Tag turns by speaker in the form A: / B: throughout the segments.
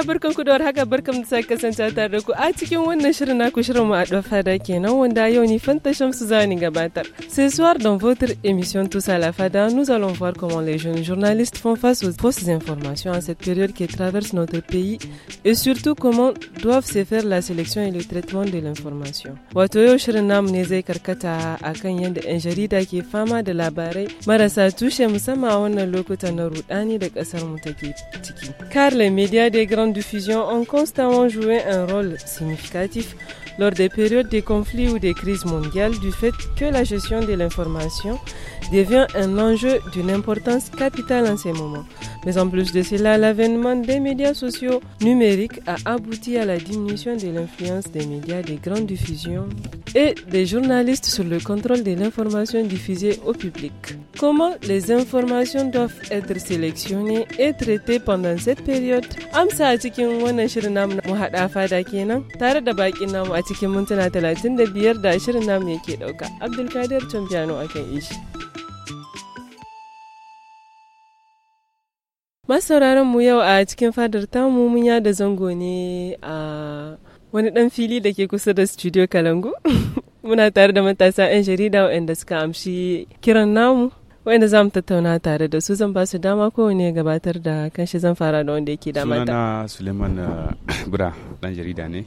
A: matasa barkan ku da haka barkan da sake kasance tare da ku a cikin wannan shirin ku shirin mu a dofa da kenan wanda yau ni Fanta su zani gabatar. Ce soir dans votre émission Tous à la Fada, nous allons voir comment les jeunes journalistes font face aux fausses informations en cette période qui traverse notre pays et surtout comment doivent se faire la sélection et le traitement de l'information. Wato yau shirin namu ne zai karkata akan yadda 'yan jarida ke fama da labarai marasa tushe musamman a wannan lokutan na rudani da kasar mu take ciki. carla media de des diffusion ont constamment joué un rôle significatif lors des périodes de conflits ou des crises mondiales du fait que la gestion de l'information devient un enjeu d'une importance capitale en ces moments. Mais en plus de cela, l'avènement des médias sociaux numériques a abouti à la diminution de l'influence des médias de grande diffusion et des journalistes sur le contrôle de l'information diffusée au public. Comment les informations doivent être sélectionnées et traitées pendant cette période cikin mintuna 35 da shirin namu yake dauka abdulkadir a kan ishi masauraran mu yau a cikin fadar tamu mun da zango ne a wani dan fili da ke kusa da studio kalangu muna tare da matasa 'yan jarida waɗanda suka amshi kiran namu wanda za mu tattauna tare da su zan ba su dama kowane ya gabatar da kanshi zan fara da wanda yake damata. Suna
B: na suleiman eh, bura dan jarida ne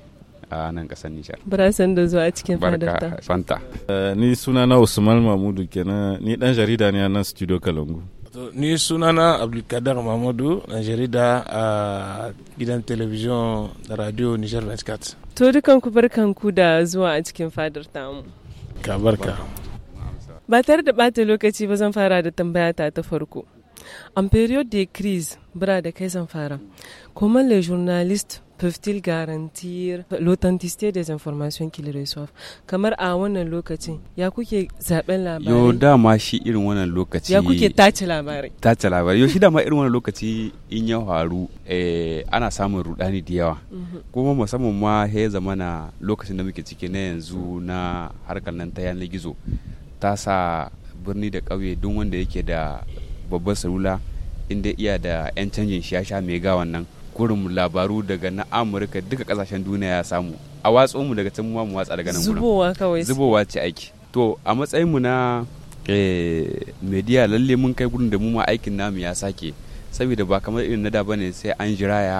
C: a nan kasar Nijar.
A: Barasan da zuwa cikin fadarta.
C: Fanta. Eh, ni sunana Usman Mahmudu kenan ni dan jarida ne a nan studio Kalangu.
D: Ni sunana abdulkadar Mahmudu dan jarida a gidan television da radio Nijar 24.
A: To barkan ku da zuwa a cikin fadar tamu. Ka barka. Ba tare da ɓata lokaci ba zan fara da tambaya ta ta farko. En période de crise, bra da kai zan fara. Comment les journalistes peuvent-ils garantir l'authenticité des informations qu'ils reçoivent kamar a wannan lokacin ya kuke zaben labari yo
B: dama shi irin wannan lokaci ya kuke tace labari tace labari yo shi dama irin wannan lokaci in ya faru eh, ana samun rudani da yawa mhm. kuma musamman ma he zamana lokacin da muke ciki na yanzu na harkar nan ta yanar gizo ta sa birni da ƙauye duk wanda yake da babbar salula inda iya da 'yan canjin shi ya sha ga wannan gurin labaru daga na amurka duka kasashen duniya ya samu a watso mu daga can mu watsa daga nan zubowa
A: kawai zubowa
B: ce aiki to a matsayin mu na eh, media lalle mun kai gurin da mu ma aikin namu ya sake saboda ba kamar irin na da bane sai an jira ya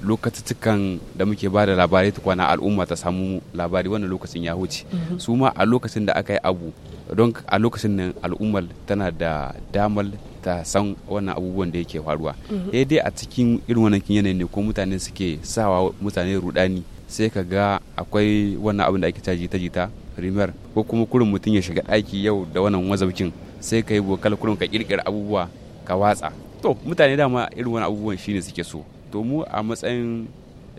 B: lokacin da muke ba da labarai kwana al'umma ta samu labari wannan lokacin ya huce mhm. su ma a lokacin da aka yi abu don a lokacin nan al'ummar tana da damar ta san wannan abubuwan da yake faruwa mhm. eh dai a cikin irin wannan yanayi ne ko mutane suke sawa mutane rudani sai ka ga akwai wannan abin da ake caji ta jita rimar ko kuma kurin mutum ya shiga ɗaki yau da wannan wazaukin sai ka yi bokal kurin ka kirkira abubuwa ka watsa to mutane dama irin wannan abubuwan shine suke so to mu a matsayin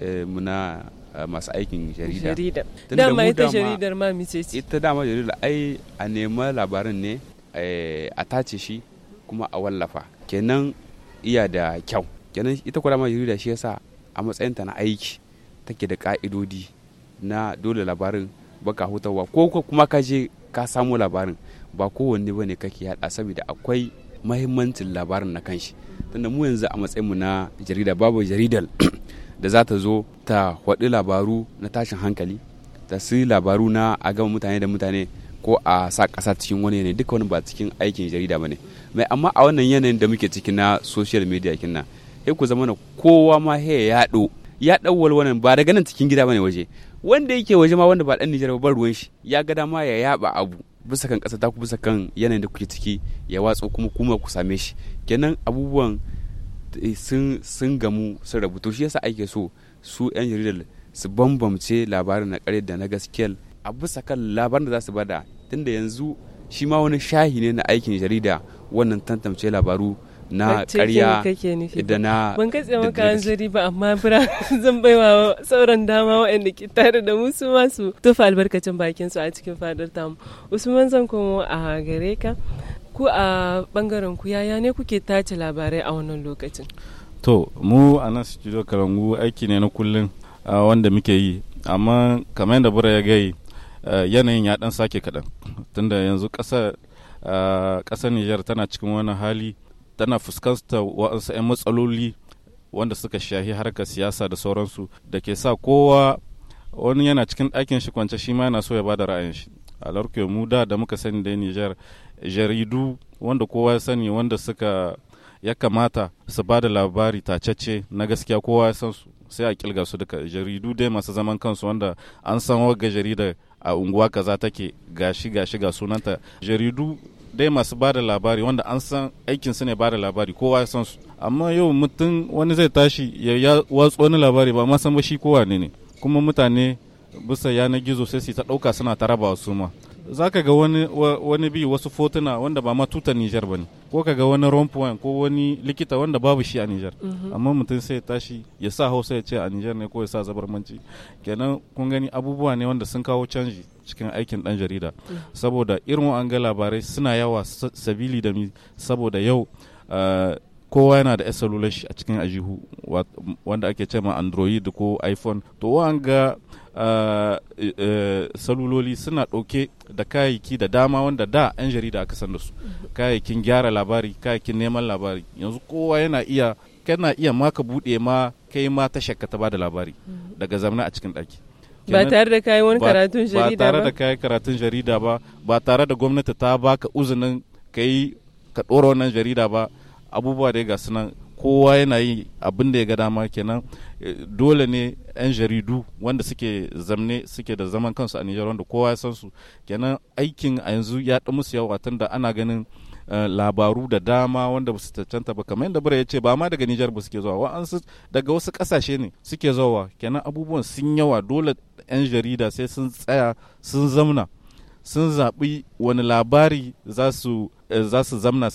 B: eh, mu na eh, masu aikin jarida jarida dama ita jaridar ma mice ita dama jarida ai a nema labarin ne eh, a tace shi kuma a wallafa kenan iya da kyau kenan ita kula ma jarida shi yasa a matsayin ta na aiki take da ka'idodi na dole labarin baka hutawa ko kuma ka je ka samu labarin ba kowanne bane kake yada saboda akwai mahimmancin labarin na kanshi tunda mu yanzu a matsayin mu na jarida babu jaridar da za ta zo ta faɗi labaru na tashin hankali ta su labaru na a gama mutane da mutane ko a sa ƙasa cikin wani ne duka wani ba cikin aikin jarida ba ne mai amma a wannan yanayin da muke ciki na social media kinna sai ku zama kowa ma he ya yaɗo. ya ɗau walwalan ba daga nan cikin gida bane waje wanda yake waje ma wanda ba ɗan Nijar ba ruwan shi ya ga dama ya yaba abu bisa kan ƙasa ta ku bisa kan yanayin da kuke ciki ya watsa kuma kuma ku same shi kenan abubuwan eh, sun sun gamu sun rabu to shi yasa ake so su 'yan jaridar su bambamce labarin na ƙarya da na gaskiyar a bisa kan labarin da za su bada tunda yanzu shi ma wani shahi ne na aikin jarida wannan tantance labaru na karya da na ban katse maka
A: zari ba amma bira zan baiwa sauran dama waɗanda ke tare da musu masu tufa albarkacin bakin su a cikin fadar tamu usman zan komo a gare ka ku a bangaren ku yaya ne kuke tace labarai a wannan lokacin
C: to mu a nan studio karangu aiki ne na kullum wanda muke yi amma kamar yadda bura ya gai yanayin ya dan sake kaɗan tunda yanzu ƙasar. ƙasar Nijar tana cikin wani hali tana fuskantar waɗansu 'yan matsaloli wanda suka shahi harkar siyasa da sauransu da ke sa kowa wani yana cikin ɗakin shi kwance shi ma yana so ya bada ra'ayin shi a larkiyar mu da da muka sani da Nijar jaridu wanda kowa ya sani wanda suka ya kamata su bada labari tacece na gaskiya kowa ya san su sai a kilga su duka jaridu dai masu zaman kansu wanda an san wagga jaridar a unguwa kaza take gashi gashi ga sunanta jaridu dai masu ba da labari wanda an san aikin su ne ba da labari kowa ya san su amma yau mutum wani zai tashi ya watsu wani labari ba ma san ba shi kowa ne ne kuma mutane bisa yanar gizo sai su ta ɗauka suna ta rabawa su ma za ka ga wani, wani bi wasu fotuna wanda ba ma tutar Nijar ba ne ko ka ga wani rompuwan ko wani likita wanda babu shi a Nijar mhm. amma mutum sai ya tashi ya sa hausa ya ce a Nijar ne ko ya sa zabarmanci kenan kun gani abubuwa ne wanda sun kawo canji cikin aikin dan jarida mhm. saboda irin an ga labarai suna yawa sabili da mi saboda yau ah, kowa yana da salular a cikin ajihu wanda ake ce ma android ko iphone to Eh, eh, saluloli suna ɗauke da kayayyaki da dama wanda da 'yan jarida aka san da su kayayyakin gyara labari kayayyakin neman labari yanzu kowa yana iya kana iya ma ka buɗe ma kai ma ta shakka ta bada labari daga zamana a cikin ɗaki ba tare da kayi wani karatun jarida ba tare da kayi karatun jarida ba ba tare da gwamnati ta baka uzunin ka yi ka ɗora wannan jarida ba abubuwa da ga sunan kowa yana yi abin da ya ga dama kenan eh, dole ne 'yan jaridu wanda suke zamne suke da zaman kansu a Nijar wanda kowa ya san su kenan aikin a yanzu ya ɗi musu yawa tun da ana ganin eh, labaru da dama wanda su cancanta ba kamar yadda bura ya ce ba ma daga Nijar ba suke zuwa wa'ansu daga wasu kasashe ne suke zuwa kenan abubuwan sun yawa dole 'yan jarida sai sun tsaya sun zamna sun zaɓi wani labari eh, za su zamna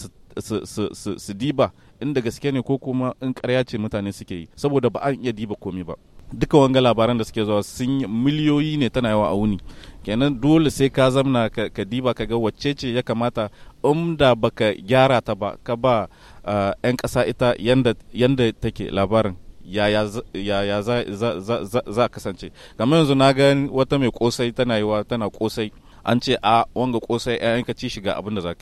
C: su diba inda gaske ne ko kuma in karya ce mutane suke yi saboda ba an iya diba komi ba duka wanga labaran da suke zuwa sun miliyoyi ne tana yawa a wuni kenan dole sai ka zamna ka diba ka ga wacce ce ya kamata in da baka gyara ta ba ka ba 'yan ƙasa ita yanda take labarin yaya za kasance kamar yanzu na ga wata mai kosai tana yiwa tana kosai an ce a wanga kosai ka ci shiga abin da za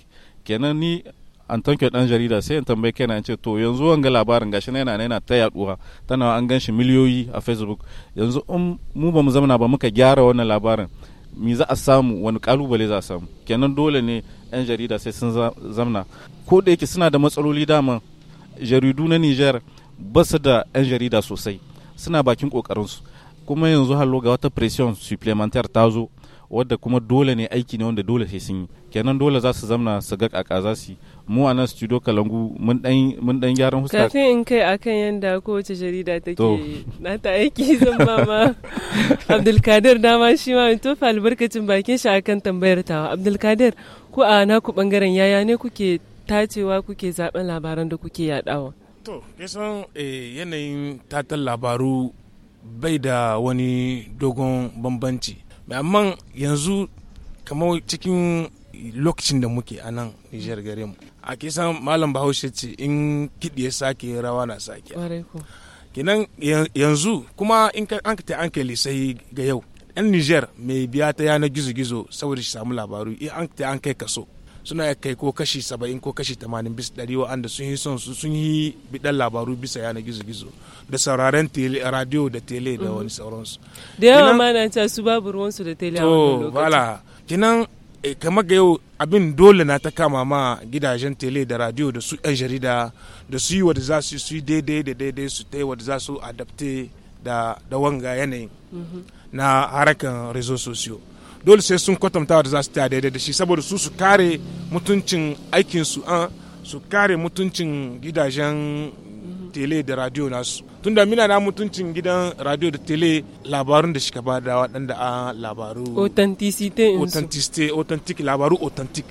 C: kenan ni an tanke dan jarida sai in tambaye kaina ce to yanzu wanga labarin gashi na yana yana ta yaduwa tana an ganshi miliyoyi a facebook yanzu um mu ba mu zamana ba muka gyara wannan labarin mi za a samu wani kalubale za a samu kenan dole ne yan jarida sai sun zamana. ko da yake suna da matsaloli dama jaridu na niger ba su da yan jarida sosai suna bakin su kuma yanzu hallo ga wata pression supplementaire ta zo wadda kuma dole ne aiki ne wanda dole sai sun yi kenan dole za su zamana su ga kaka za su mu a nan studio kalangu mun dan gyaran huska kafin
A: in kai akan yadda kowace jarida take na ta aiki zan ma abdulkadir dama shi ma tofa albarkacin bakin shi akan tambayar tawa abdulkadir ku a naku bangaren yaya ne kuke tacewa kuke zaben labaran da kuke yadawa
D: to kisan eh, yanayin tatan labaru bai da wani dogon bambanci amma yanzu kamar cikin lokacin da muke a nan Nijar gare mu. A kisan Malam Bahaushe ce in kiɗi ya sake rawa na sake. Kinan yanzu kuma in an ta an kai lisai ga yau. 'Yan Nijar mai biya ta yana gizo-gizo saboda shi samu labaru in an ta an kai kaso. Suna ya kai ko kashi saba'in ko kashi tamanin bisa ɗari wa'anda sun yi son sun yi biɗan labaru bisa yana gizo-gizo da sauraren tele radio da tele da mhm. wani sauransu. Da yawa ma
A: na su babu ruwansu da tele a wani lokaci. To,
D: kinan Eh, kamar ga yau abin dole na ta kama ma gidajen tele da radio da su 'yan jarida da su yi wadda za su yi daidai da daidai su ta yi wadda za su adapte da, wanga yanayin mhm. na harakan rezo sosiyo dole sai sun kwatanta wadda za su ta daidai da shi saboda su su kare mutuncin aikinsu an ah, su kare mutuncin gidajen tele da radio nasu tunda mina na mutuncin gidan radio da tele labarun da shika ba da waɗanda a labaru authenticity authenticity authentic labaru authentic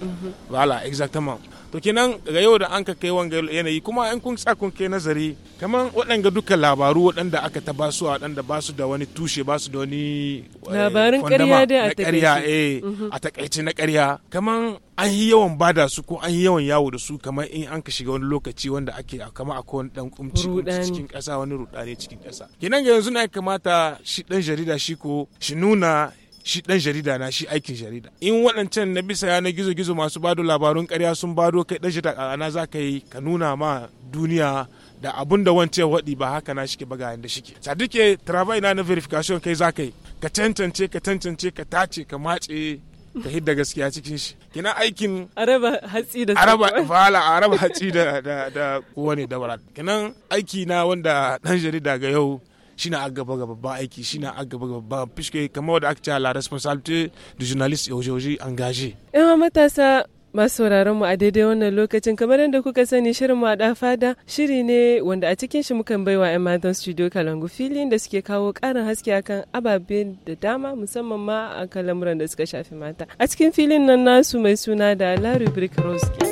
D: wala mhm. exactement to kenan daga yau da an ka kai wanga yanayi kuma in kun sa kun kai nazari kamar waɗanga dukkan labaru waɗanda aka ta ba su waɗanda ba su da wani tushe ba su da wani eh, labarin ƙarya da a takaice eh, mhm. a takaice na ƙarya kamar an yi yawan bada su ko an yi yawan yawo da su kamar in an ka shiga wani lokaci wanda ake kama akwai wani dan kumci cikin ƙasa wani rudani cikin ƙasa kenan ga yanzu na kamata shi dan jarida shi ko shi nuna shi dan jarida na shi aikin jarida in waɗancan na bisa yana gizo-gizo masu bado labarun karya sun bado kai dan jarida na za ka yi ka nuna ma duniya da abun da wance waɗi ba haka na shike ba ga yanda shike sadike travail na na verification kai za ka yi ka tantance ka tantance ka tace ka matse ka hidda gaskiya cikin shi kina aikin araba hatsi da araba fala araba hatsi da da da kowane dabara kinan aiki na wanda dan jarida ga yau shine a gaba gaba aiki shine a gaba gaba ba kamar da aka ce la responsabilité du journaliste et aujourd'hui engagé.
A: eh matasa masu sauraron mu a daidai wannan lokacin kamar yadda kuka sani shirin mu a fada shiri ne wanda a cikin shi mukan baiwa 'yan matan studio kalangu filin da suke kawo karin haske akan ababe da dama musamman ma a kalamuran da suka shafi mata a cikin filin nan nasu mai suna da la rubrique rose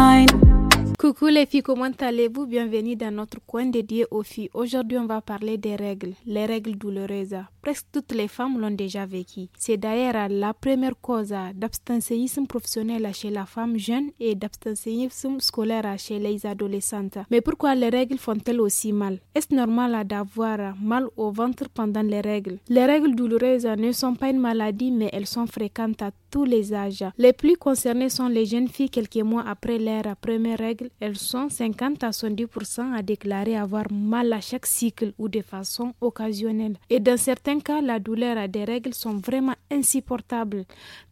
E: mine Coucou les filles, comment allez-vous Bienvenue dans notre coin dédié aux filles. Aujourd'hui, on va parler des règles, les règles douloureuses. Presque toutes les femmes l'ont déjà vécu. C'est d'ailleurs la première cause d'abstentionnisme professionnel chez la femme jeune et d'abstentionnisme scolaire chez les adolescentes. Mais pourquoi les règles font-elles aussi mal Est-ce normal d'avoir mal au ventre pendant les règles Les règles douloureuses ne sont pas une maladie, mais elles sont fréquentes à tous les âges. Les plus concernées sont les jeunes filles quelques mois après leur première règle elles sont 50 à 70% à déclarer avoir mal à chaque cycle ou de façon occasionnelle. Et dans certains cas, la douleur à des règles sont vraiment insupportables.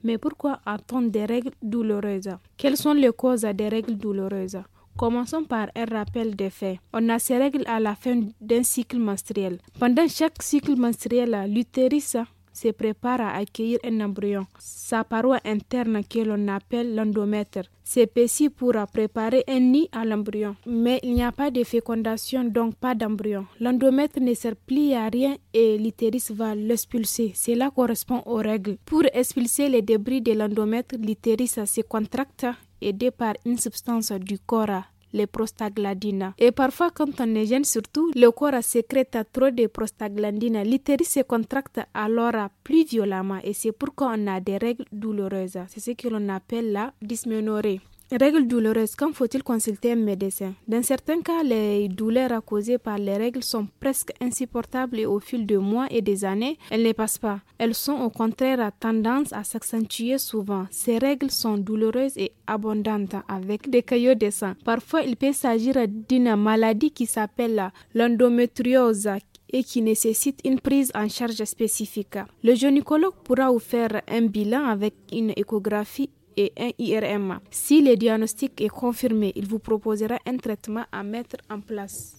E: Mais pourquoi attendre des règles douloureuses Quelles sont les causes à des règles douloureuses Commençons par un rappel des faits. On a ces règles à la fin d'un cycle menstruel. Pendant chaque cycle menstruel, l'utérus se prépare à accueillir un embryon, sa paroi interne que l'on appelle l'endomètre. s'épaissit pour préparer un nid à l'embryon. Mais il n'y a pas de fécondation, donc pas d'embryon. L'endomètre ne sert plus à rien et l'utérus va l'expulser. Cela correspond aux règles. Pour expulser les débris de l'endomètre, l'utérus se contracte aidé par une substance du corps les prostaglandines. Et parfois, quand on est jeune, surtout, le corps sécrète trop de prostaglandines. L'utérus se contracte alors plus violemment et c'est pourquoi on a des règles douloureuses. C'est ce que l'on appelle la dysménorrhée. Règles douloureuses, quand faut-il consulter un médecin Dans certains cas, les douleurs causées par les règles sont presque insupportables et au fil de mois et des années, elles ne passent pas. Elles sont au contraire à tendance à s'accentuer souvent. Ces règles sont douloureuses et abondantes avec des caillots de sang. Parfois, il peut s'agir d'une maladie qui s'appelle l'endométriose et qui nécessite une prise en charge spécifique. Le gynécologue pourra vous faire un bilan avec une échographie un IRM. Si le diagnostic est confirmé, il vous proposera un traitement à mettre en place.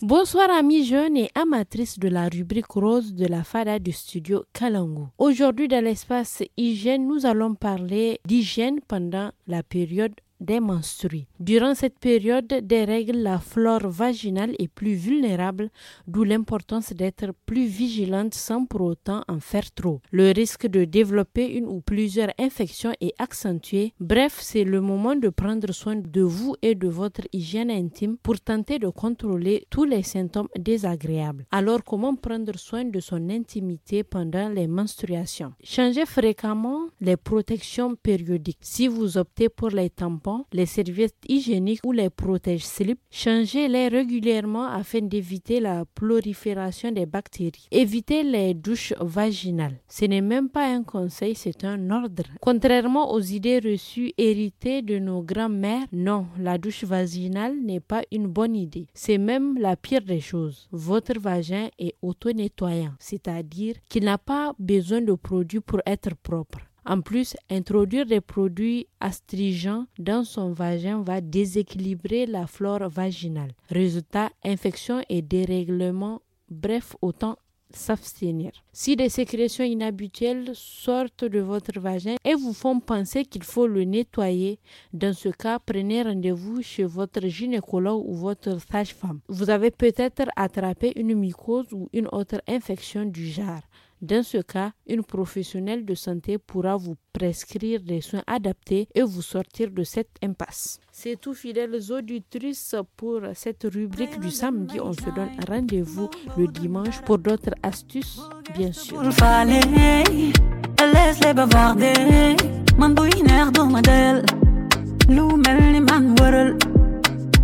F: Bonsoir amis jeunes et amatrices de la rubrique rose de la Fada du studio Kalangu. Aujourd'hui dans l'espace hygiène, nous allons parler d'hygiène pendant la période des menstrues. Durant cette période des règles, la flore vaginale est plus vulnérable, d'où l'importance d'être plus vigilante sans pour autant en faire trop. Le risque de développer une ou plusieurs infections est accentué. Bref, c'est le moment de prendre soin de vous et de votre hygiène intime pour tenter de contrôler tous les symptômes désagréables. Alors comment prendre soin de son intimité pendant les menstruations Changez fréquemment les protections périodiques. Si vous optez pour les tampons, les serviettes hygiéniques ou les protèges-slips. Changez-les régulièrement afin d'éviter la prolifération des bactéries. Évitez les douches vaginales. Ce n'est même pas un conseil, c'est un ordre. Contrairement aux idées reçues héritées de nos grands-mères, non, la douche vaginale n'est pas une bonne idée. C'est même la pire des choses. Votre vagin est auto-nettoyant, c'est-à-dire qu'il n'a pas besoin de produits pour être propre. En plus, introduire des produits astringents dans son vagin va déséquilibrer la flore vaginale. Résultat, infection et dérèglement, bref, autant s'abstenir. Si des sécrétions inhabituelles sortent de votre vagin et vous font penser qu'il faut le nettoyer, dans ce cas, prenez rendez-vous chez votre gynécologue ou votre sage-femme. Vous avez peut-être attrapé une mycose ou une autre infection du genre. Dans ce cas, une professionnelle de santé pourra vous prescrire des soins adaptés et vous sortir de cette impasse. C'est tout, fidèles auditrices, pour cette rubrique du samedi. On se donne rendez-vous le dimanche pour d'autres astuces, bien sûr.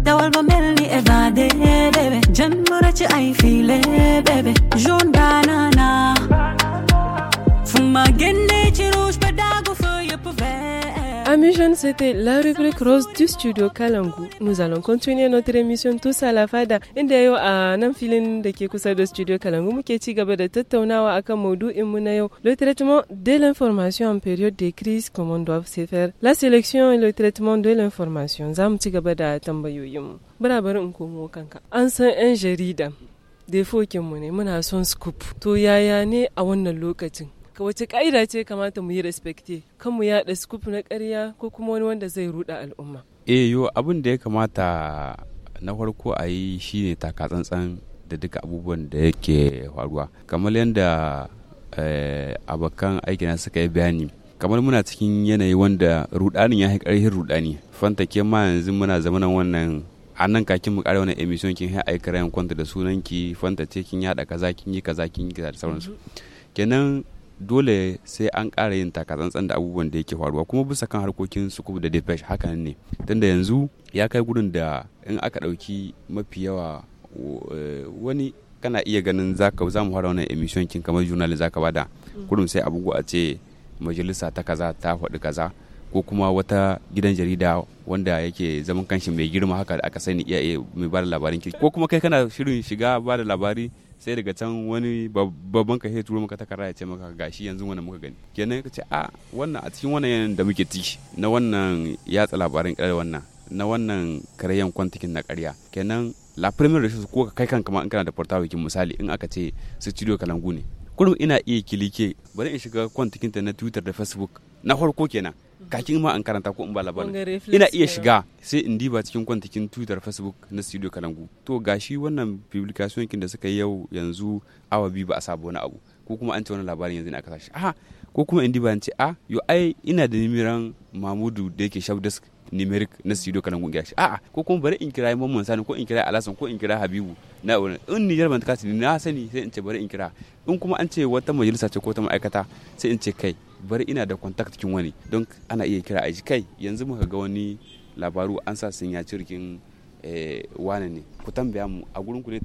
F: Da ba mel ni évadé bébé jëndu na ci ay filé bébé jaune banana fu ma génnee ci
A: rouge ba vert Amis jeunes, c'était la rubrique rose du studio Kalangu. Nous allons continuer notre émission tous à la fada. Inda yau a ah, nan filin da ke studio Kalangu muke ci gaba da tattaunawa akan maudu'in mu na Le traitement de l'information en période de crise, comment doivent se faire la sélection et le traitement de l'information. Zam mu ci gaba da tambayoyin mu. Bara in komo kanka. An san 'yan jarida. mu ne muna son scoop. To yaya ne a wannan lokacin? wace ka'ida ce kamata mu yi respecte kan mu yaɗa scoop na ƙarya ko kuma wani wanda zai ruɗa al'umma
B: eh yo abin da ya kamata na farko a yi taka tsantsan da duka abubuwan da yake faruwa kamar yadda eh, abokan aikina suka yi bayani kamar muna cikin yanayi wanda rudanin ya ƙarfin rudani fantake ma yanzu muna zamanan wannan a nan kakin mu ƙara wannan emission kin hai aika rayan kwanta da sunan ki fantace kin yada kaza kin yi kaza kin yi kaza da sauransu mhm. kenan dole sai an ƙara yin takatsantsan da abubuwan da yake faruwa kuma bisa kan harkokin suku da depesh hakan ne tunda yanzu ya kai gudun da in aka ɗauki mafi yawa eh, wani kana iya ganin zaka za mu fara wannan emission kin kamar journal ka bada mm. kurum sai abubuwa a ce majalisa ta kaza ta faɗi kaza ko kuma wata gidan jarida wanda yake zaman kanshi mai girma haka da aka sani iya mai bada labarin ko kuma kai kana shirin shiga ba da labari sai daga can wani babban ka turo maka takarda ya ce maka gashi yanzu wannan muka gani kenan ka ce a wannan a cikin wannan yanayin da muke ci na wannan yatsa labaran da wannan na wannan karyan kwantikin na karya. kenan la premier da ko ka kai kanka ma in kana da portable misali in aka ce studio kalangu ne kurum ina iya kilike bari in shiga kwantikinta na twitter da facebook na farko kenan kakin ma an karanta ko in ba labarin ina iya shiga sai in diba cikin kwantakin twitter facebook na studio kalangu to gashi wannan publication kin da suka yi yau yanzu awa biyu ba a sabo wani abu ko kuma an ce wani labarin yanzu ne aka sashi aha ko kuma in diba an ce a ah, yo ai ina da nimiran mamudu da yake shop desk numeric na studio kana ya shi a'a ko kuma bari in kira mamman sani ko in kira alasan ko in kira habibu na wani in nijar ta kasi na sani sai in ce bari in kira in kuma an ce wata majalisa ce ko ta ma'aikata sai in ce kai bari ina da contact kin wani don ana iya kira a ji kai yanzu muka ga wani labaru an sa sun ya cirkin eh, wane ne ku tambaya mu a gurin ku ne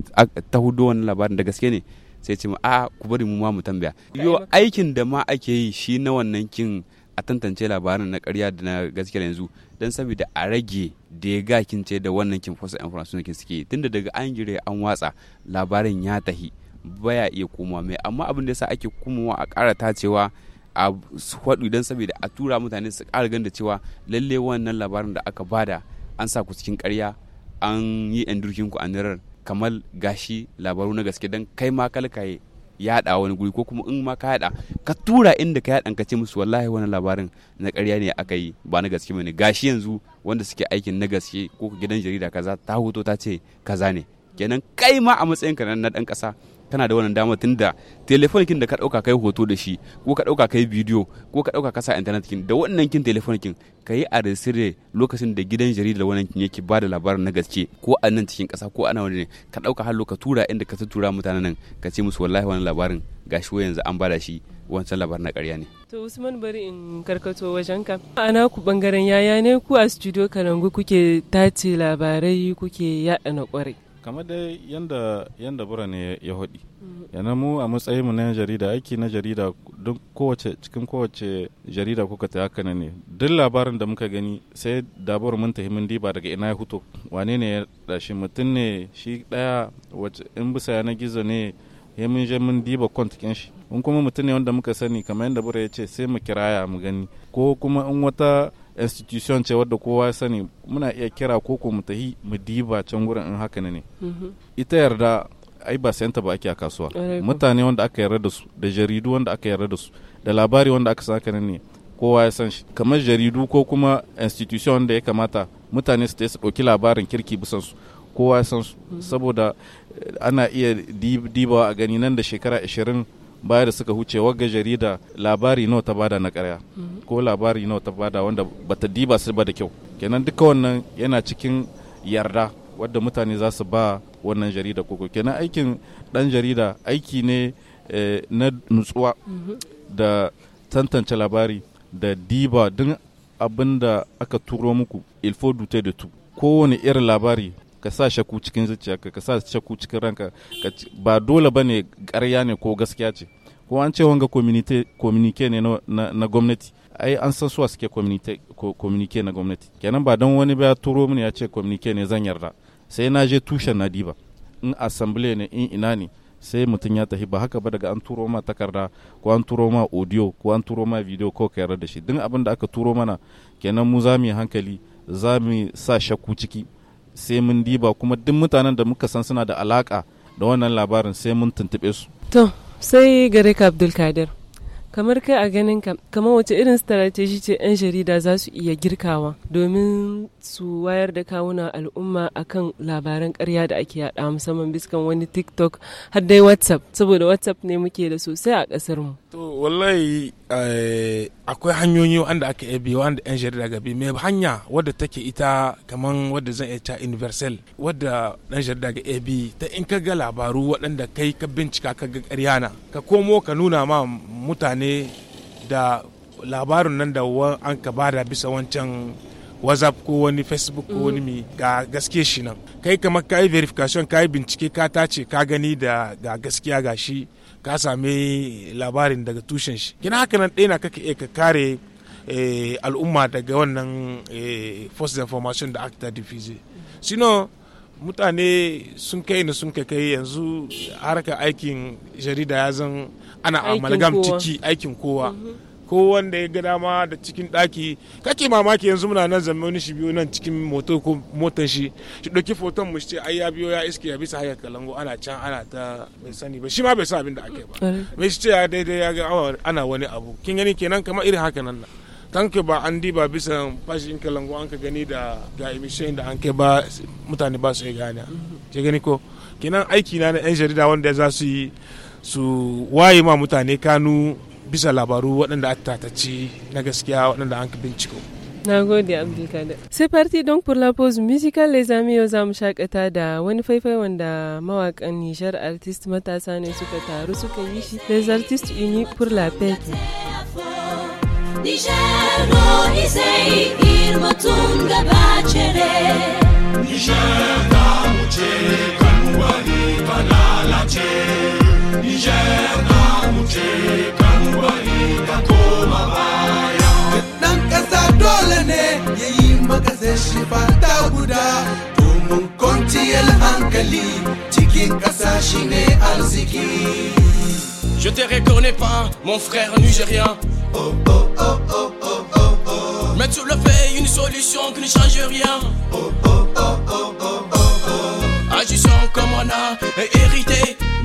B: ta hudu wani labarin da gaske ne sai ce ma a ku bari mu ma mu tambaya yo aikin da ma ake yi shi na wannan kin a tantance labarin na karya da na gaskiya yanzu don saboda a rage da ya da wannan kin fasa information kin suke tunda daga an gire an watsa labarin ya tahi baya iya komawa mai amma abin da yasa ake komawa a ƙara tacewa a faɗu don saboda a tura mutane su ƙara ganda cewa lalle wannan labarin da aka bada an sa ku cikin karya an yi yan durkin ku a nirar kamar gashi labaru na gaske don kai ma kalkaye Yaɗa wani guri ko kuma in ma ka yada ka tura inda ka yaɗa ka ce musu wallahi wani labarin na karya ne aka yi ba na gaske ne gashi yanzu wanda suke aikin na gaske ko gidan jarida kaza ta hoto ta ce kaza ne kenan kai ma a matsayin ka na ɗan ƙasa kana da wannan dama tunda telefonikin da ka dauka kai hoto da shi ko ka dauka kai bidiyo ko ka dauka kasa internet kin da wannan kin telefonikin ka yi a resire lokacin da gidan jarida wannan kin yake bada labarin na gaske ko a nan cikin kasa ko ana wani ka dauka har ka tura inda ka tura mutanen nan ka ce musu wallahi wannan labarin gashi yanzu an bada shi wancan labarin na karya ne.
A: To Usman bari
C: in karkato wajen ka.
A: Ana ku bangaren yaya ne ku a studio Kalangu kuke tace labarai kuke yaɗa na kwarai.
C: kamar dai yanda yanda ne ya hudi mm. yana mu a matsayin mu na jarida aiki na jarida duk kowace cikin kowace jarida kuka ta haka ne duk labarin da muka gani sai dabar mun tafi mun diba daga ina ya huto wane ne ya dashi mutum ne shi daya wace in bisa yana gizo ne ya mun je mun diba kwantikin shi in kuma mutum ne wanda muka sani kamar yanda bura ya ce sai mu kiraya mu gani ko kuma in wata institution ce wadda kowa ya sani muna iya kira ko ko mu tahi mu diba can gurin in haka ne mhm. ita yarda ai ba sayanta ba ake a kasuwa mutane wanda aka yarda da su da jaridu wanda aka yarda da su da labari wanda aka san ne kowa ya san shi kamar jaridu ko kuma institution wanda ya kamata mutane su su ɗauki labarin kirki bisan su kowa ya san su mhm. saboda eh, ana iya dibawa a gani nan da shekara ashirin baya da suka huce wagga jarida labari nawa ta bada na karya ko labari nawa ta bada wanda bata diba su ba da kyau kenan duka wannan yana cikin yarda wadda mutane za su ba wannan jarida koko kenan aikin dan jarida aiki ne eh, na nutsuwa da tantance labari da diba duk abin da aka turo muku ilfo dute da tu kowane irin labari ka sa shaku cikin zuciyarka ka sa shaku cikin ranka ba dole ba ne ƙarya ne ko gaskiya ce ko an ce wanga communique ne na gwamnati ai an san suwa suke communique na gwamnati kenan ba don wani ba turo mini ya ce communique ne zan yarda sai na je tushen na diba in assembly ne in ina ne sai mutum ya tafi ba haka ba daga an turo ma takarda ko an turo ma audio ko an turo ma video ko ka yarda da shi duk abin da aka turo mana kenan mu za mu yi hankali za mu sa shakku ciki sai mun diba kuma duk mutanen da muka san suna da alaka da wannan labarin sai mun tuntube su.
A: To sai gare ka Abdulkadir. Kamar kai a ganin ka, kamar wace irin strategy ce 'yan jarida za su iya girkawa domin su wayar da kawuna al'umma akan labaran karya da ake yada musamman biskan wani TikTok har dai WhatsApp, saboda WhatsApp ne muke da sosai a ƙasar
D: mu. To wallahi Eh, akwai hanyoyi wanda aka iya bi wanda yan jarida ga bi mai hanya wadda take ita kaman wadda zan iya ta universal wadda yan jarida ga bi ta in ka ga labaru waɗanda kai ka bincika ka ga ƙarya na ka komo ka nuna ma mutane da labarin nan da an ka bada bisa wancan whatsapp ko wani facebook ko wani mm. mi ga gaske shi nan kai kamar ka yi verification ka yi bincike ka tace ka gani da ga gaskiya ga shi ka same labarin daga tushen shi kina haka nan ɗaya na kaka iya ka kare eh, al'umma daga wannan eh, false information da aka diffuse sino mutane sun kai ni sun kai yanzu harkar aikin jarida ya zan ana amalgam ciki aikin kowa mm-hmm. ko wanda ya ga dama da cikin ɗaki kake mamaki yanzu muna nan zama wani shi biyu nan cikin moto ko motar shi shi ɗauki foton mu ce ai ya biyo ya iske ya bisa hayar kalango ana can ana ta bai sani ba shi ma bai san abin da ake ba me shi ce ya daidai ya ga ana wani abu kin gani kenan kamar irin haka nan tanke ba an diba bisa fashin kalango an ka gani da ga emission da an kai ba mutane ba su yi gane ke gani ko kenan aiki na na yan jarida wanda za su yi su waye ma mutane kanu bisa labaru waɗanda a tatace na gaskiya waɗanda an ka binciko.
A: Na gode Abdulkadir. Sai parti don pour la pause musical les amis yau za mu shakata da wani faifai wanda mawakan nishar artist matasa ne suka taru suka yi shi les artistes unis pour la paix.
G: Dan ƙasa dole ne ya yi makasar shi fata guda domin kwanciyar hankali cikin ƙasa shi ne arziki. Je te reconnais pas, mon frère nigérien. Oh, oh, oh, oh, oh, oh, oh. Mettre sur le fait une solution qui ne change rien. Oh, oh, oh, oh, oh, oh, oh. Agissons comme on a hérité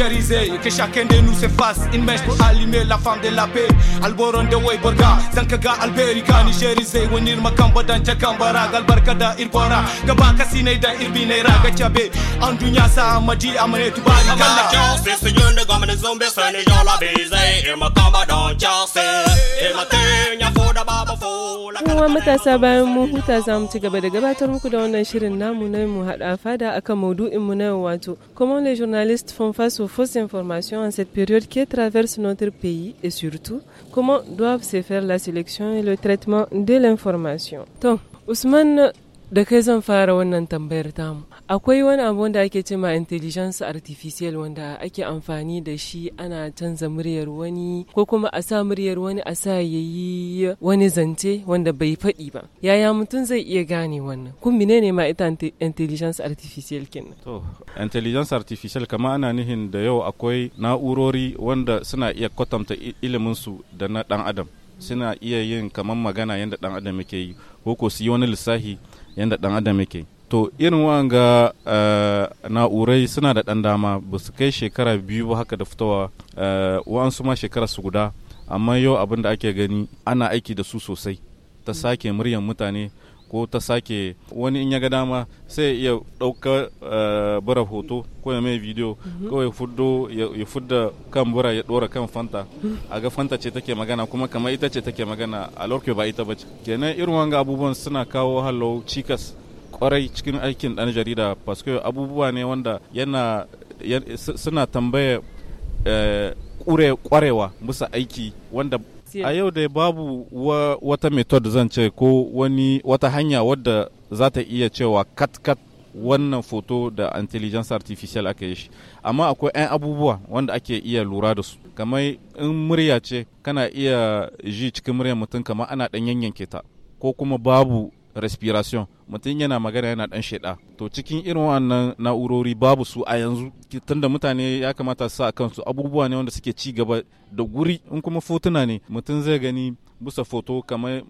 B: Jérisé, que chacun de nous se
G: fasse une mèche pour allumer la femme de la paix. Alboron de Way Weiborga, Zankaga Alberica, Nigerisé, Wenir Makamba dan Chakambara, Galbarka da Irbora, Gabaka Sine da Irbine
B: Raga Chabe, Andunya sa Amadi Amane Tubari Kala. Chelsea, c'est yon de gomme de zombies, c'est une gens la bise, et Makamba dans Chelsea, et ma teigne, Foda Baba
A: fo. Kuma matasa bayan mu huta za mu ci gaba da gabatar muku da wannan shirin namu na mu hada fada akan maudu'in mu na wato. Comment les journalistes font face aux fausses informations en cette période qui traverse notre pays et surtout comment doivent se faire la sélection et le traitement de l'information. Donc, Ousmane, akwai wani abu wanda ake cema intelligence artificial wanda ake amfani da shi ana canza muryar wani ko kuma a sa muryar wani a sa yayi wani zance wanda bai faɗi ba yaya mutum zai iya gane wannan kun menene ma ita intelligence artificial kenan to
C: intelligence artificial kama ana nihin da yau akwai na'urori wanda suna iya kwatanta ilimin su da na dan adam suna iya yin kamar magana yadda dan adam yake yi ko ko su yi wani lissafi yadda dan adam yake yi to irin wanga eh, na'urai suna da ɗan dama ba su kai shekara biyu ba haka da fitowa eh, wa'ansu ma shekara su guda amma yau abin da ake gani ana aiki da su sosai ta sake muryan mutane ko ta sake wani in ya ga dama sai ya ɗauka eh, bara hoto ko ya mai bidiyo mhm. ko ya fudo ya fudda kan bura ya ɗora kan fanta mhm. a ga fanta ce take magana kuma kamar ita ce take magana a lorke ba ita ba kenan irin wanga abubuwan suna kawo halau cikas kwarai cikin aikin ɗan jarida paske abubuwa ne wanda yana suna tambaya kure eh, kwarewa musa aiki wanda a yau da babu wata method zan ce ko wani wata hanya wadda za ta iya cewa kat-kat wannan foto da intelligence artificial aka yi shi amma akwai 'yan abubuwa wanda ake iya lura da su kamar in murya ce kana iya ji cikin muryar mutum kamar ana ɗan yanyanke ta ko kuma babu respiration mutum yana magana yana dan sheda to cikin irin wannan na'urori babu su a yanzu tunda mutane ya kamata su sa kansu abubuwa ne wanda suke ci gaba da guri in kuma fotuna ne mutum zai gani busa foto kamar eh,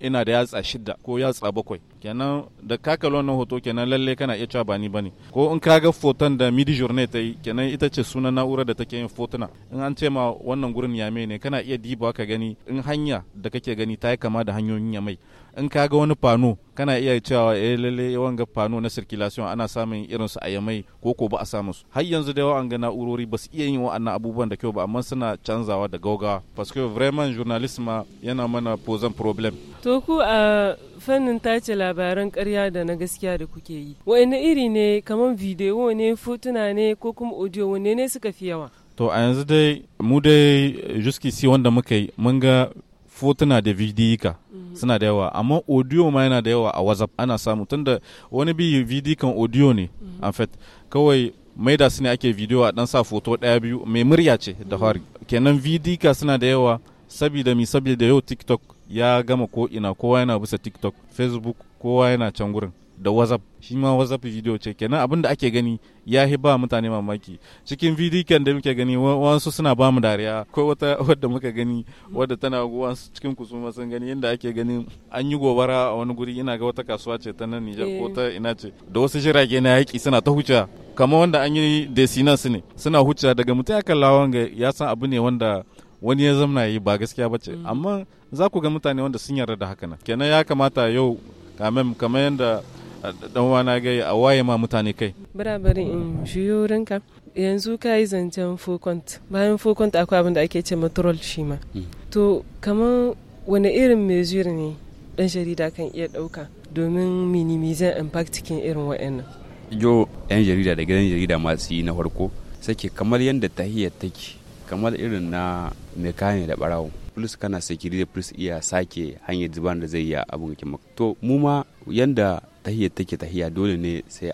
C: ina da yatsa shida ko yatsa bakwai kenan da ka kalli wannan hoto kenan lalle kana iya cewa ba ni bane ko in ka ga foton da midi journey ta yi kenan ita ce sunan na'urar da take yin fotuna in an ce ma wannan gurin yame ne kana iya diba ka gani in hanya da kake gani ta yi kama da hanyoyin yamai in ka ga wani fano kana iya cewa eh lalle wanga fano na circulation ana samun irin su a yamai ko ko ba a samu su har yanzu da yawan na'urori ba su iya yin wa'annan abubuwan da kyau ba amma suna canzawa da gaugawa parce vraiment ma yana mana posant problème
A: to ku a fannin tace labaran ƙarya da na gaskiya da kuke yi wa'anne iri ne kamar video ne fotuna ne ko kuma audio wanne ne suka fi yawa
C: to a yanzu dai mu dai juski si wanda muka yi mun ga fotuna da vidika mm-hmm. suna da yawa amma audio ma yana da yawa a whatsapp ana samu tunda wani bi vidikan audio ne en mm-hmm. fait kawai mai da su ne ake video a dan sa foto daya biyu mai murya ce da mm-hmm. fari kenan vidika suna da yawa sabida mi sabida yau tiktok ya gama ko ina kowa yana bisa tiktok facebook kowa yana can gurin da whatsapp shi ma whatsapp video ce kenan abinda da ake gani ya hi ba mutane mamaki cikin kan da muke gani wasu suna ba mu dariya ko wata wadda muka gani wadda tana wasu cikin kusuma sun gani yadda ake gani an yi gobara a wani guri ina ga wata kasuwa ce ta nan Nijar ko ta eh. ina ce da wasu jirage na yaƙi suna ta huce kamar wanda an yi desina su ne suna huce daga mutum ya kalla ga ya san abu ne wanda wani ya zamna yi ba gaskiya ba ce mm. amma za ku ga mutane wanda sun yarda da haka nan kenan ya kamata yau kamen kamar yadda dan wana ga a waye ma mutane kai
A: bara bari in shiyo ranka yanzu ka yi zancen fokont bayan fokont akwai abin da ake ce matrol shi ma hmm. to kamar wani irin mezur ne dan jarida kan iya dauka domin minimizan impact kin irin wa'annan
B: yo yan jarida da gidan jarida masu yi na farko sake kamar yadda tahiya take kamar irin na mekani da barawo plus kana security plus iya sake hanyar zuban da zai yi abin to mu ma yanda tahiyar take tahiya dole ne sai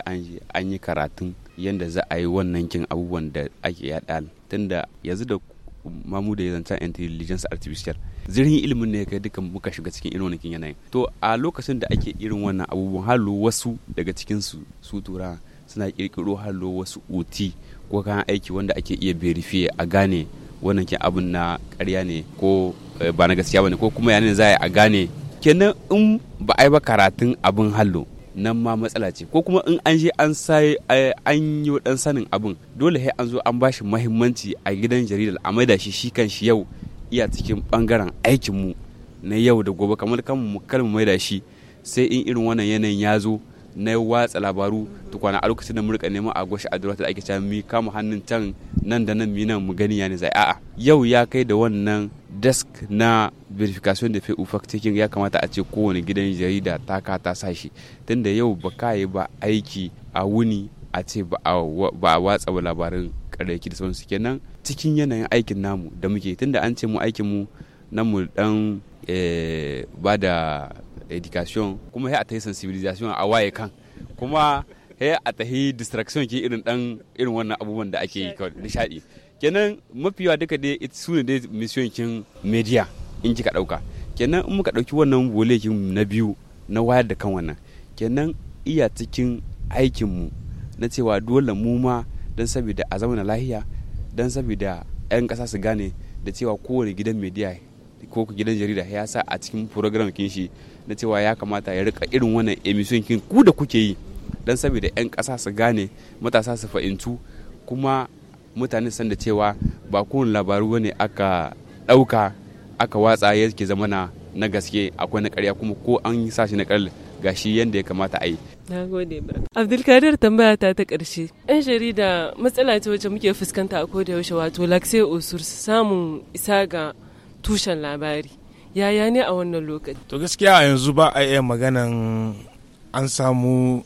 B: an yi karatun yadda za a yi wannan kin abubuwan da ake yada tunda yanzu da mamu da yanzu zanta intelligence artificial zirin ilimin ne kai dukan muka shiga cikin irin wannan yanayi to a lokacin da ake irin wannan abubuwan halu wasu daga cikin su su tura suna kirkiro halu wasu uti ko k'an aiki wanda ake iya verify a gane wannan kin abun na ƙarya ne ko eh, ba na gaskiya bane ko kuma yanayin za a gane kenan in ba a yi ba karatun abin hallo nan ma matsala ce ko kuma in an je an sai an yi dan sanin abin dole sai an zo an bashi mahimmanci a gidan jaridar a maida shi shi kan shi yau iya cikin bangaren aikinmu na yau da gobe kamar kan mu maida shi sai in irin wannan yanayin ya zo na watsa labaru tukwana a lokacin da mu rika neman a goshi a da ake cewa mi kama hannun can nan da nan mi mu gani ya ne zai a'a yau ya kai da wannan desk na verification da fake fact checking ya kamata a ce kowane gidan jarida ta ka ta sa shi tunda yau ba ka yi ba aiki a wuni a ce ba a watsa labarin karaiki da sauransu kenan cikin yanayin aikin namu da muke tunda an ce mu aikin mu na mu dan eh, ba da education kuma sai a tahi sensibilization a waye kan kuma sai a tahi distraction ke irin dan irin wannan abubuwan da ake yi nishadi kenan mafiya duka dai su ne dai mission kin media in kika dauka kenan in muka dauki wannan bolekin na biyu na wayar da kan wannan kenan iya cikin mu na cewa dole mu ma dan saboda a zauna lahiya dan saboda 'yan ƙasa su gane da cewa kowane gidan media ko gidan jarida ya sa a cikin program kin shi na cewa ya kamata ya rika irin wannan emission kin ku da kuke yi dan saboda 'yan ƙasa su gane matasa su fahimtu kuma mutane san da cewa ba kowane labaru bane aka ɗauka aka watsa yake zama na na gaske akwai na ƙarya kuma ko an yi sashi na ƙarya gashi shi yadda ya kamata a yi.
A: Na gode ba. Abdulkadir tambaya ta ta ƙarshe. 'Yan jarida matsala ce wacce muke fuskanta a da yaushe wato lakse osur samun isa ga tushen labari. yaya ne a wannan lokaci
D: to gaskiya a yanzu ba a iya maganan an samu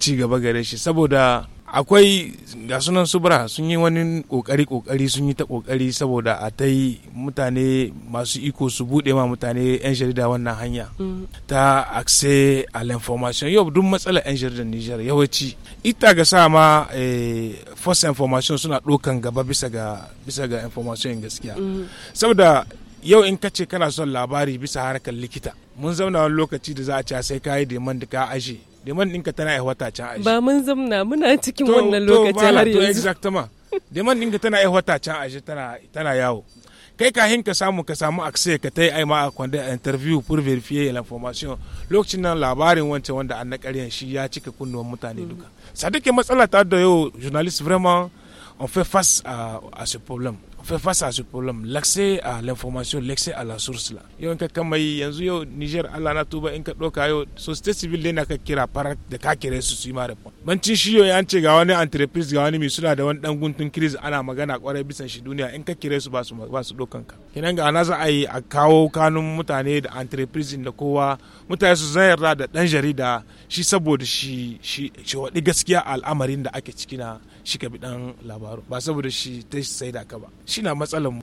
D: ci gaba gare shi saboda akwai ga sunan subra sun yi wani kokari kokari sun yi ta kokari saboda a ta yi mutane masu iko su bude ma mutane yan jarida wannan hanya mm. ta akse a l'information yau duk matsala yan jaridar Nijar yawanci ita ga sa ma eh, first information suna dokan gaba bisa ga bisa ga information gaskiya mm. saboda yau in ka ce kana son labari bisa harkar likita mun zauna wani lokaci da za a ce sai ka yi deman da ka aje deman ɗinka tana aiwata can aje ba mun zauna muna cikin wannan lokacin har yanzu to exactement deman ɗinka tana wata can aje tana tana yawo kai kahin ka samu ka samu access ka tai ai ma a kwanda interview pour vérifier l'information lokacin nan labarin wance wanda an na ƙaryan shi ya cika kunnuwan mutane mm. duka sadake matsala ta da yau journalist vraiment on fait face à, à ce problème fait face à ce problème l'accès à l'information l'accès à la source là yau in ka mai yanzu yau Niger Allah na tuba in ka ɗauka yau société civile dena ka kira fara da ka kire su su yi ma man bancin shi yo ce ga wani entreprise ga wani mai suna da wani dan guntun crise ana magana kwarai bisan shi duniya in ka kire su ba su ba su dokan ka kenan ga ana za a yi a kawo kanun mutane da entreprise da kowa mutane su zan da dan jarida shi saboda shi shi wadi gaskiya al'amarin da ake ciki na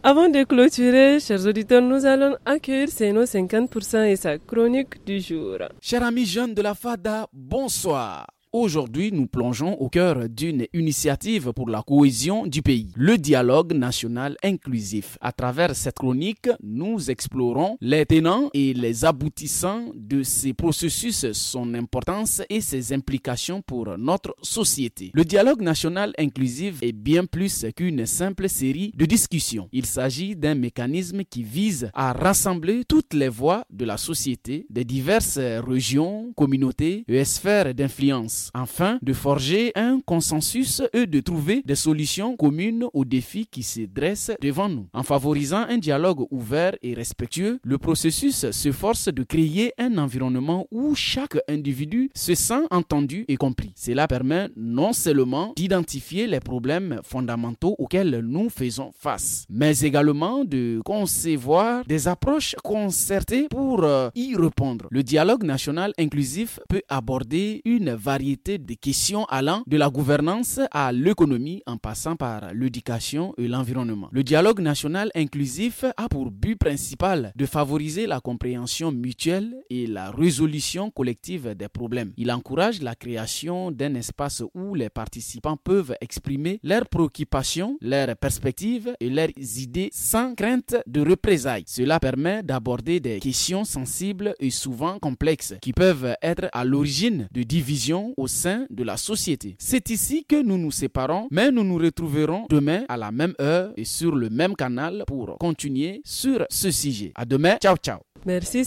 A: avant de clôturer chers auditeurs nous allons accueillir nos 50% et sa chronique
G: du jour chers amis jeunes de la fada bonsoir Aujourd'hui, nous plongeons au cœur d'une initiative pour la cohésion du pays, le dialogue national inclusif. À travers cette chronique, nous explorons les tenants et les aboutissants de ces processus, son importance et ses implications pour notre société. Le dialogue national inclusif est bien plus qu'une simple série de discussions. Il s'agit d'un mécanisme qui vise à rassembler toutes les voix de la société, des diverses régions, communautés et sphères d'influence enfin de forger un consensus et de trouver des solutions communes aux défis qui se dressent devant nous. En favorisant un dialogue ouvert et respectueux, le processus s'efforce de créer un environnement où chaque individu se sent entendu et compris. Cela permet non seulement d'identifier les problèmes fondamentaux auxquels nous faisons face, mais également de concevoir des approches concertées pour euh, y répondre. Le dialogue national inclusif peut aborder une variété des questions allant de la gouvernance à l'économie en passant par l'éducation et l'environnement. Le dialogue national inclusif a pour but principal de favoriser la compréhension mutuelle et la résolution collective des problèmes. Il encourage la création d'un espace où les participants peuvent exprimer leurs préoccupations, leurs perspectives et leurs idées sans crainte de représailles. Cela permet d'aborder des questions sensibles et souvent complexes qui peuvent être à l'origine de divisions au sein de la société. C'est ici que nous nous séparons, mais nous nous retrouverons demain à la même heure et sur le même canal pour continuer sur ce sujet. À demain, ciao ciao.
A: Merci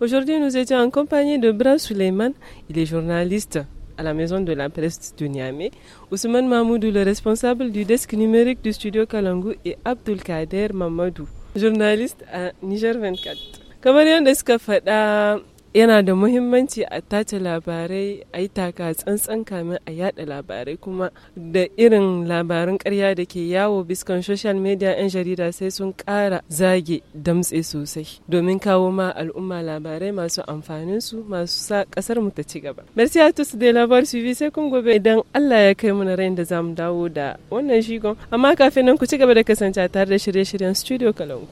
A: Aujourd'hui nous étions en compagnie de Brun Suleiman, il est journaliste à la maison de la presse de Niamey, Ousmane Mahmoudou le responsable du desk numérique du studio Kalangu et Abdul Kader Mamadou, journaliste à Niger 24. kamar yadda suka faɗa yana da muhimmanci a tace labarai a yi taka tsantsan kamin a yada labarai kuma da irin labarin karya da ke yawo biskan social media 'yan jarida sai sun kara zage damtse sosai domin kawo ma al'umma labarai masu amfaninsu su masu sa kasar mu ta ci gaba merci à tous de l'avoir suivi sai kun gobe idan Allah ya kai mu rain da zamu dawo da wannan shigon amma kafin nan ku ci gaba da kasance tare da shirye-shiryen studio kalangu